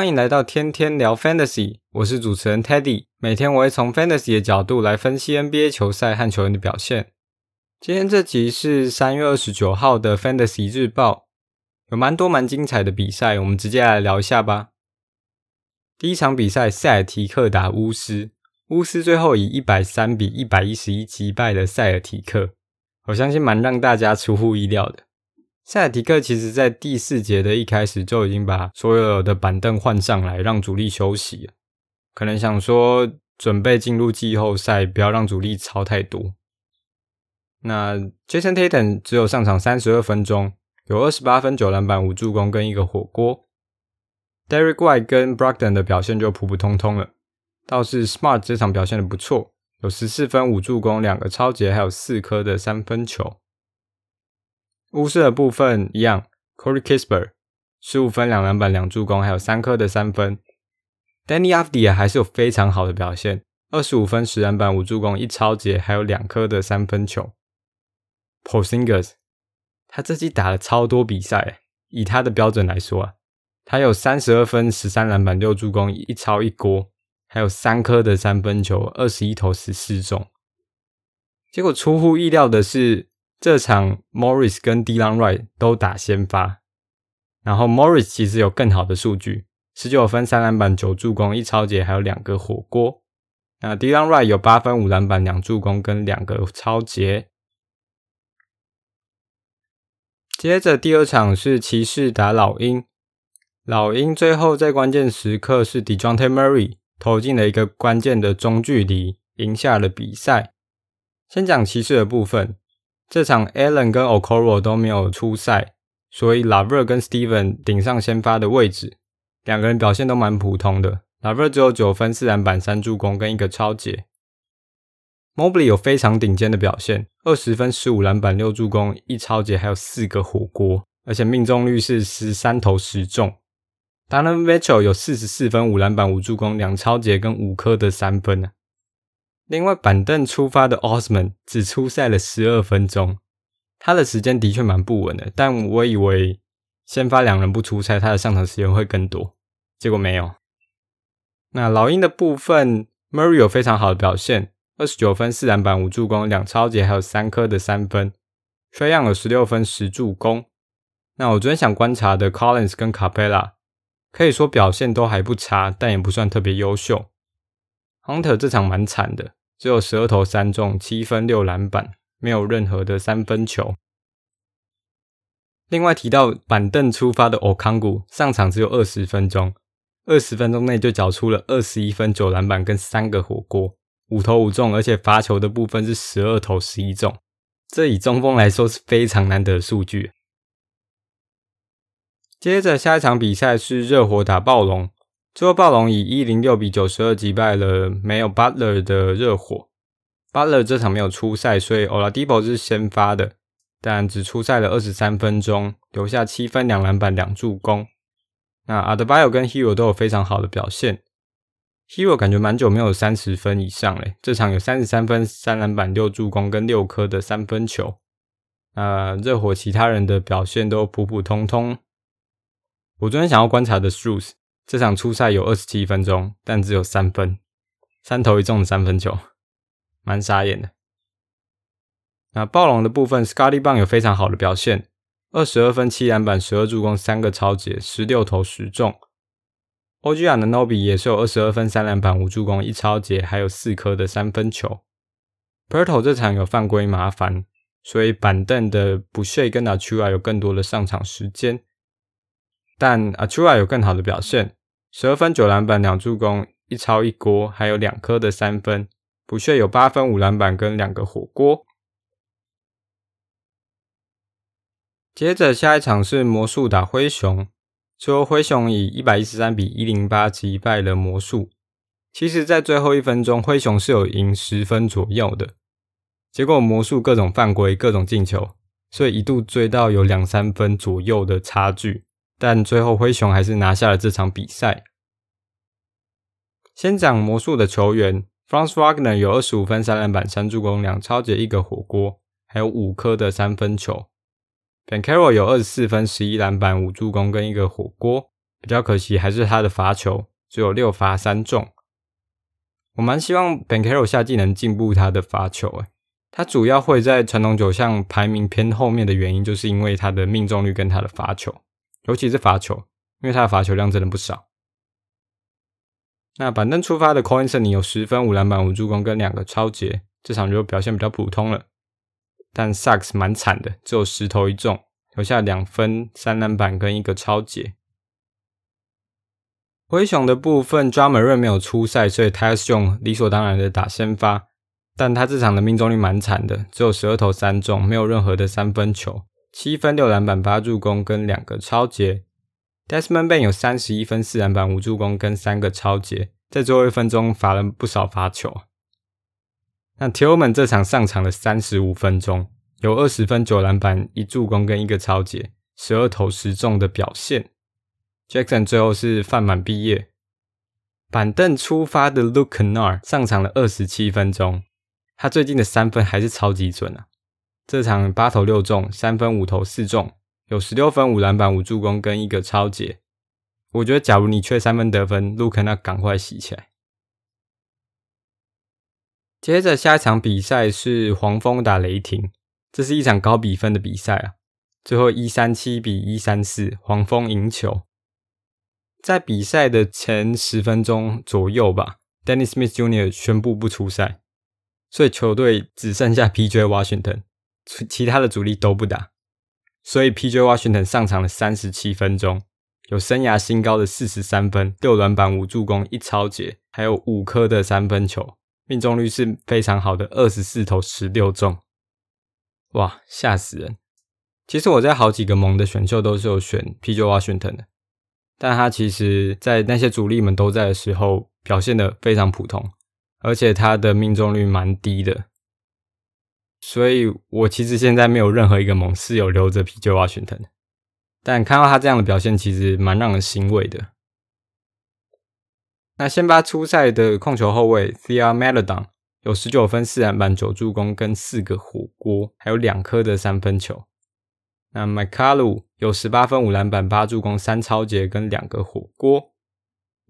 歡迎來到天天聊 Fantasy，我是主持人 Teddy。每天我會從 Fantasy 的角度來分析 NBA 球賽和球員的表現。今天這集是三月二十九號的 Fantasy 日報，有蠻多蠻精彩的比賽，我們直接來聊一下吧。第一場比賽，塞爾提克打巫師，巫師最後以一百三比一百一十一擊敗了塞爾提克，我相信蠻讓大家出乎意料的。塞爾提克其實在第四節的一開始就已經把所有的板凳換上來，讓主力休息了。可能想說，準備進入季後賽，不要讓主力操太多。那 Jason Tatum 只有上場三十二分鐘，有二十八分、九籃板、五助攻跟一個火鍋。Derrick White 跟 Brogdon 的表現就普普通通了。倒是 Smart 這場表現的不錯，有十四分、五助攻、兩個抄截，還有四顆的三分球。巫師的部分一樣，Corey Kispert 十五分兩籃板兩助攻，還有三顆的三分。Danny Avdija 還是有非常好的表現，二十五分十籃板五助攻一抄截，還有兩顆的三分球。Porzingis 他這季打了超多比賽，以他的標準來說啊，他有三十二分十三籃板六助攻一抄一鍋，還有三顆的三分球，二十一投十四中。結果出乎意料的是。這場 Morris 跟 Delon Wright 都打先發，然後 Morris 其實有更好的數據，十九分、三籃板、九助攻、一抄截，還有兩個火鍋。那 Delon Wright 有八分、五籃板、兩助攻跟兩個抄截。接着第二場是騎士打老鷹，老鷹最後在關鍵時刻是 Dejounte Murray 投進了一個關鍵的中距離，贏下了比賽。先講騎士的部分。這場 Allen 跟 Okoro 都沒有出賽，所以 LeVert 跟 Steven 頂上先發的位置，兩個人表現都蠻普通的。LeVert 只有九分、四籃板、三助攻跟一個抄截，Mobley 有非常頂尖的表現，二十分、十五籃板、六助攻、一抄截還有四個火鍋，而且命中率是十三投十中。Donovan Mitchell 有四十四分、五籃板、五助攻、兩抄截跟五顆的三分呢。另外，板凳出發的 Osman 只出賽了十二分鐘，他的時間的確蠻不穩的。但我以為先發兩人不出賽，他的上場時間會更多，結果沒有。那老鷹的部分，Murray 有非常好的表現，二十九分、四籃板、5助攻、兩抄截，還有三顆的三分。Trae Young 有十六分、十助攻。那我昨天想觀察的 Collins 跟卡佩拉，可以說表現都還不差，但也不算特別優秀。Hunter 這場蠻慘的。只有十二投三中，七分六籃板，沒有任何的三分球。另外提到板凳出發的歐康古，上場只有二十分鐘，二十分鐘內就繳出了二十一分九籃板跟三個火鍋，五投五中，而且罰球的部分是十二投十一中，這以中鋒來說是非常難得的數據。接着下一場比賽是熱火打暴龍。最後，暴龍以一零六比九十二擊敗了沒有 Butler 的熱火。Butler 這場沒有出賽，所以 Oladipo 是先發的，但只出賽了二十三分鐘，留下七分、兩籃板、兩助攻。那 Adebayo 跟 Herro 都有非常好的表現。Herro 感覺蠻久沒有三十分以上嘞，這場有33分三十三分、三籃板、六助攻跟六顆的三分球。那熱火其他人的表現都普普通通。我昨天想要觀察的 Strus 這場出賽有二十七分鐘，但只有三分，三投一中的三分球，蠻傻眼的。那暴龍的部分，Scottie Barnes 有非常好的表現，二十二分、七籃板、十二助攻3、三個抄截、十六投十中。OG 的 Anunoby 也是有二十二分、三籃板、五助攻、一抄截，還有四顆的三分球。Poeltl 這場有犯規麻煩，所以板凳的 Boucher、er、跟 Achiuwa 有更多的上場時間，但 Achiuwa 有更好的表現。十二分、九籃板、兩助攻、一抄一鍋，還有兩顆的三分。補血有八分、五籃板跟兩個火鍋。接着下一場是魔術打灰熊，最後灰熊以一百一十三比一零八擊敗了魔術。其實，在最後一分鐘，灰熊是有贏十分左右的。結果魔術各種犯規、各種進球，所以一度追到有兩三分左右的差距。但最後灰熊還是拿下了這場比賽。先講魔術的球員，Franz Wagner 有二十五分、三籃板、三助攻、兩抄截一個火鍋，還有五顆的三分球。Banchero 有二十四分、十一籃板、五助攻跟一個火鍋，比較可惜還是他的罰球只有六罰三中。我蠻希望 Banchero 下季能進步他的罰球，誒，他主要會在傳統九項排名偏後面的原因，就是因為他的命中率跟他的罰球。尤其是罰球，因為他的罰球量真的不少。那板凳出發的 c o i n s l e y 有十分、五籃板、五助攻跟兩個抄截，這場就表現比較普通了。但 Sacks 蠻慘的，只有十投一中，留下兩分、三籃板跟一個抄截。灰熊的部分，Ja Morant 沒有出賽，所以 Tyus Jones 理所當然的打先發，但他這場的命中率蠻慘的，只有十二投三中，沒有任何的三分球。七分六籃板八助攻跟兩個抄截，Desmond Bane 有三十一分四籃板5助攻跟三個抄截，在最後一分鐘罰了不少罰球。那 Tillman 這場上場了三十五分鐘，有二十分九籃板一助攻跟一個抄截，十二投十中的表現。Jackson 最後是犯滿畢業，板凳,凳出發的 Luke Kennard 上場了二十七分鐘，他最近的三分還是超級準啊。這場八投六中，三分五投四中，有十六分五籃板五助攻跟一個抄截。我覺得，假如你缺三分得分，Luke 那趕快洗起來。接着下一場比賽是黃蜂打雷霆，這是一場高比分的比賽啊。最後一三七比一三四，黃蜂贏球。在比賽的前十分鐘左右吧，Dennis Smith Jr. 宣布不出賽，所以球隊只剩下 PJ Washington。其他的主力都不打，所以 PJ 華盛頓上場了三十七分鐘，有生涯新高的四十三分，六籃板，五助攻，一抄截，還有五顆的三分球，命中率是非常好的，二十四投十六中，哇，嚇死人！其實我在好幾個盟的選秀都是有選 PJ 華盛頓的，但他其實在那些主力們都在的時候，表現得非常普通，而且他的命中率蠻低的。所以我其實現在沒有任何一個猛士有留着 PJ Washington，但看到他這樣的表現，其實蠻讓人欣慰的。那先發出賽的控球後衛 Theo Maledon 有十九分四籃板九助攻跟四個火鍋，還有兩顆的三分球。那 McCallum 有十八分五籃板八助攻三抄截跟兩個火鍋。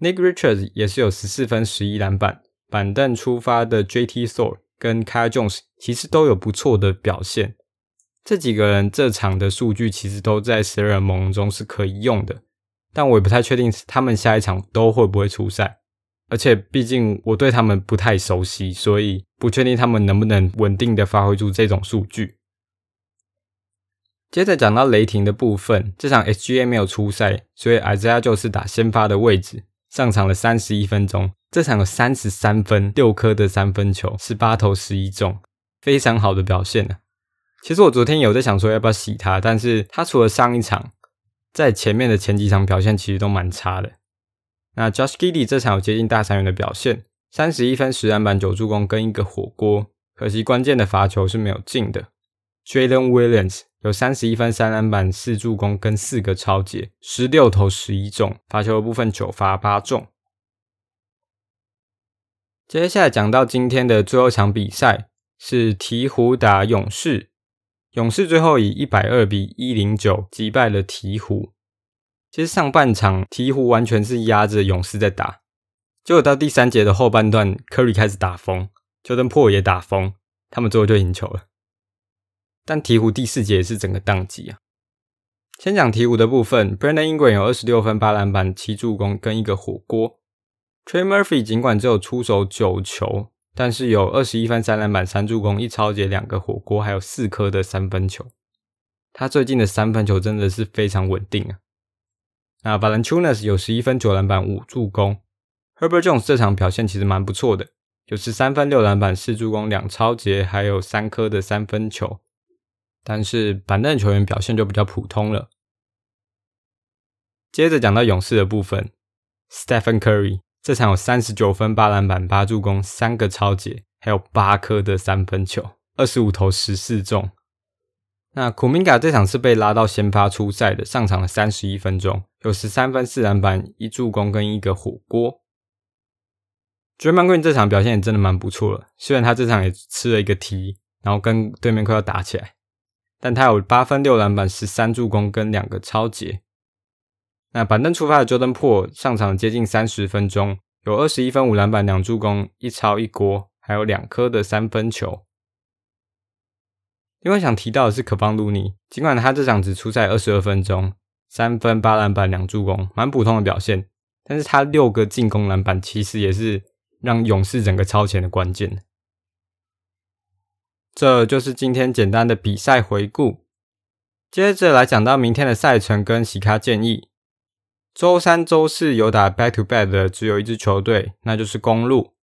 Nick Richards 也是有十四分十一籃板板板凳凳出發的 JT Thor 跟 Kai Jones 其實都有不錯的表現，這幾個人這場的數據其實都在十二人盟中是可以用的，但我也不太確定他們下一場都會不會出賽，而且畢竟我對他們不太熟悉，所以不確定他們能不能穩定的發揮出這種數據。接着講到雷霆的部分，這場 SGA 沒有出賽，所以艾澤爾就是打先發的位置，上場了三十一分鐘。這場有三十三分、六顆的三分球，十八投十一中，非常好的表現啊。其實我昨天有在想說要不要洗他，但是他除了上一場，在前面的前幾場表現其實都蠻差的。那 Josh Giddey 這場有接近大三元的表現，三十一分、十籃板、九助攻跟一個火鍋，可惜關鍵的罰球是沒有進的。Jalen Williams 有三十一分、三籃板、四助攻跟四個抄截，十六投十一中，罰球的部分九罰八中。接下來講到今天的最後一場比賽是鵜鶘打勇士，勇士最後以一百二比一零九擊敗了鵜鶘。其實上半場鵜鶘完全是壓着勇士在打，結果到第三節的後半段，Curry 開始打瘋，就跟 Poole 也打瘋，他們最後就贏球了。但鵜鶘第四節是整個宕機啊。先講鵜鶘的部分，Brandon Ingram 有二十六分、八籃板、七助攻跟一個火鍋。t r e y Trey Murphy 儘管只有出手九球，但是有二十一分、三籃板、三助攻、一抄截、兩個火鍋，還有四顆的三分球。他最近的三分球真的是非常穩定啊！那 Valanciunas 有十一分、九籃板、五助攻。Herbert Jones 這場表現其實蠻不錯的，有十三分、六籃板、四助攻、兩抄截還有三顆的三分球。但是板凳球員表現就比較普通了。接着講到勇士的部分，Stephen Curry。這場有三十九分、八籃板、八助攻、三個抄截，還有八顆的三分球，二十五投十四中。那庫明加這場是被拉到先發出賽的，上場了三十一分鐘，有十三分、四籃板、一助攻跟一個火鍋。Draymond Green 這場表現也真的蠻不錯了，雖然他這場也吃了一個 T，然後跟對面快要打起來，但他有八分、六籃板、十三助攻跟兩個抄截。那板凳出發的 Jordan Poole 上場接近三十分鐘，有二十一分五籃板兩助攻一抄一鍋，還有兩顆的三分球。另外想提到的是 Kevon Looney，儘管他這場只出賽二十二分鐘，三分八籃板兩助攻，蠻普通的表現，但是他六個進攻籃板其實也是讓勇士整個超前的關鍵。這就是今天簡單的比賽回顧，接着來講到明天的賽程跟洗卡建議。周三、周四有打 back to back 的，只有一支球隊，那就是公鹿。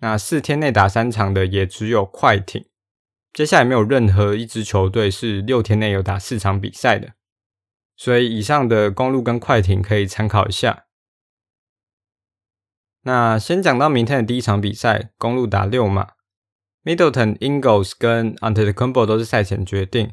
那四天內打三場的，也只有快艇。接下來沒有任何一支球隊是六天內有打四場比賽的。所以，以上的公鹿跟快艇可以參考一下。那先講到明天的第一場比賽，公鹿打溜馬，Middleton Ingles 跟 Antetokounmpo 都是賽前決定。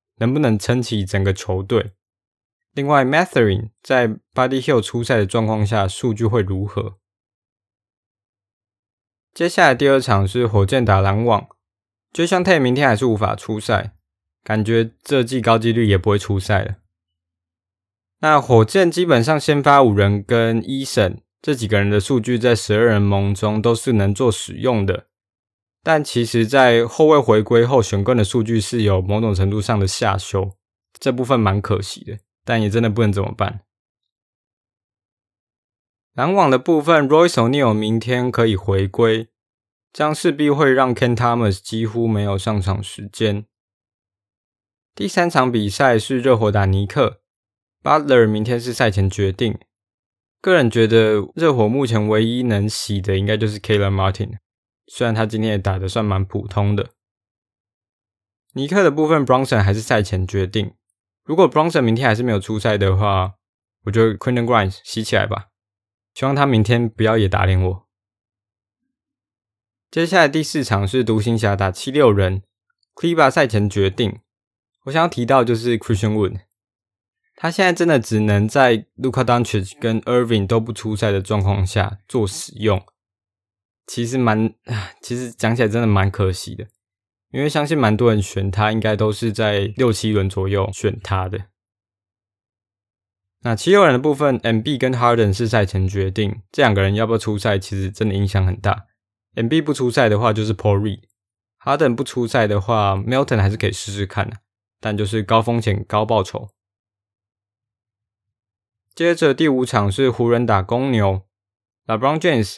能不能撐起整個球隊？另外 Mathurin 在 Buddy Hield 出賽的狀況下，數據會如何？接下來第二場是火箭打籃網，Jae'Sean Tate 明天還是無法出賽，感覺這季高幾率也不會出賽了。那火箭基本上先發五人跟 Eason 這幾個人的數據，在十二人盟中都是能做使用的。但其實，在後衛回歸後，選冠的數據是有某種程度上的下修，這部分蠻可惜的，但也真的不能怎麼辦。籃網的部分，Royce O'Neill 明天可以回歸，將勢必會讓 Cam Thomas 幾乎沒有上場時間。第三場比賽是熱火打尼克，Butler 明天是賽前決定。個人覺得，熱火目前唯一能洗的，應該就是 Caleb Martin。雖然他今天也打的算蠻普通的，尼克的部分，Brunson 還是賽前決定。如果 Brunson 明天還是沒有出賽的話，我就 Quentin Grimes 吸起來吧。希望他明天不要也打臉我。接下來第四場是獨行俠打七六人，Cleva 賽前決定。我想要提到就是 Christian Wood，他現在真的只能在 Luka Doncic 跟 Irving 都不出賽的狀況下做使用。其實蠻，其實講起來真的蠻可惜的，因為相信蠻多人選他，應該都是在六七輪左右選他的。那七六人的部分，MB 跟 Harden 是賽前決定，這兩個人要不要出賽，其實真的影響很大。MB 不出賽的，的話，就是 Paul Reed，哈登不出賽的話，Milton 還是可以試試看的、啊，但就是高風險高報酬。接着第五場是湖人打公牛，LeBron James。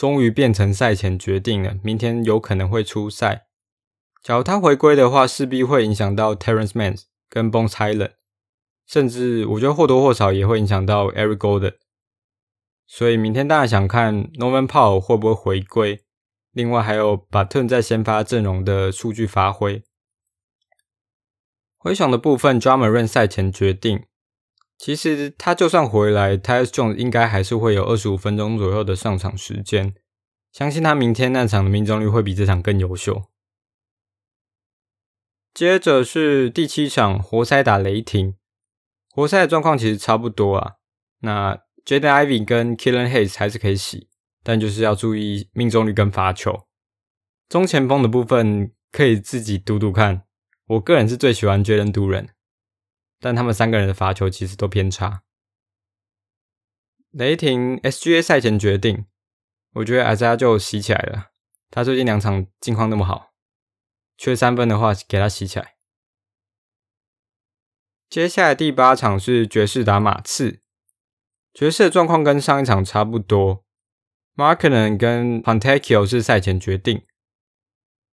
終於變成賽前決定了，明天有可能會出賽。假如他回歸的話，勢必會影響到 Terance Mann 跟 Bones Hyland 甚至我覺得或多或少也會影響到 Eric Gordon。所以明天大家想看 Norman Powell 會不會回歸？另外還有 Batum 在先發陣容的數據發揮。回歸的部分專門認賽前決定。其實他就算回來，Tyus Jones 應該還是會有二十五分鐘左右的上場時間。相信他明天那場的命中率會比這場更優秀。接着是第七場，活塞打雷霆。活塞的狀況其實差不多啊。那 Jaden Ivey 跟 Killian Hayes 還是可以洗，但就是要注意命中率跟罰球。中前鋒的部分可以自己賭賭看。我個人是最喜歡 Jalen Duren。但他們三個人的罰球其實都偏差。雷霆 SGA 賽前決定，我覺得 Aza 就洗起來了。他最近兩場近況那麼好，缺三分的話給他洗起來。接下來第八場是爵士打馬刺，爵士的狀況跟上一場差不多。Markkanen 跟 Fontecchio 是賽前決定，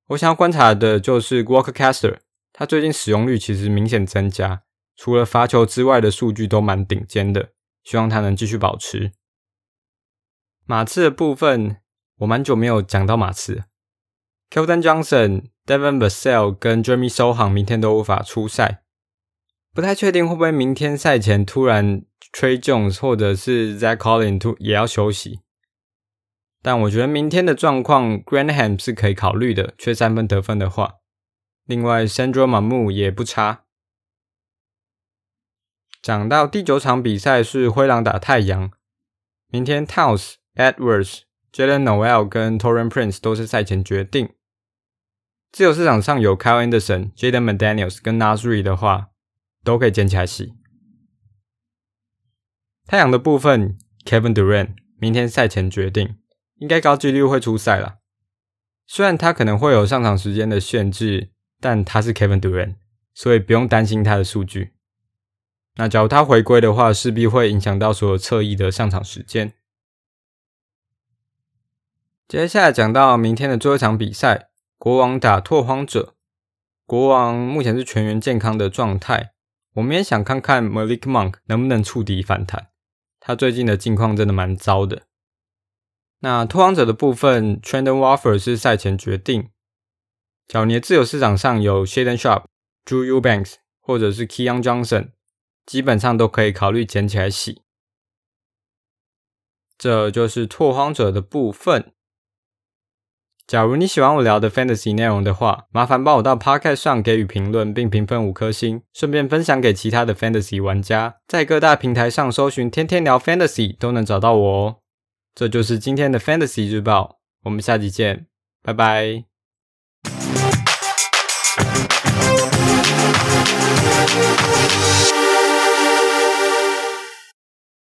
我想要觀察的就是 Walker Kessler，他最近使用率其實明顯增加，除了罰球之外的數據都蠻頂尖的，希望他能繼續保持。馬刺的部分，我蠻久沒有講到馬刺。Keldon Johnson、Devin Vassell 跟 Jeremy Sochan 明天都無法出賽，不太確定會不會明天賽前突然 Tre Jones 或者是 Zach Collins 也要休息。但我覺得明天的狀況，Graham 是可以考慮的，缺三分得分的話。另外，Sandro Mamu 也不差。講到第九場比賽是灰狼打太陽，明天 Towns、Edwards、Jaden Noel 跟 Torin Prince 都是賽前決定。自由市場上有 Kyle Anderson、Jaden McDaniels 跟 Nasri 的話，都可以撿起來洗。太陽的部分 Kevin Durant 明天賽前決定，應該高幾率會出賽了。雖然他可能會有上場時間的限制，但他是 Kevin Durant，所以不用擔心他的數據。那假如他回歸的話，勢必會影響到所有側翼的上場時間。接下來講到明天的最後一場比賽，國王打拓荒者。國王目前是全員健康的狀態，我們也想看看 Malik Monk 能不能觸底反彈。他最近的境況真的蠻糟的。那拓荒者的部分 Trendon Watford 是賽前決定。今年自由市場上有 Shaedon Sharpe、Drew Eubanks 或者是 Keon Johnson。基本上都可以考慮撿起來洗。這就是拓荒者的部分。假如你喜歡我聊的 fantasy 內容的話，麻煩幫我到 Podcast 上給予評論並評分五顆星，順便分享給其他的 fantasy 玩家。在各大平台上搜尋“天天聊 fantasy” 都能找到我哦。這就是今天的 fantasy 日報，我們下期見，拜拜。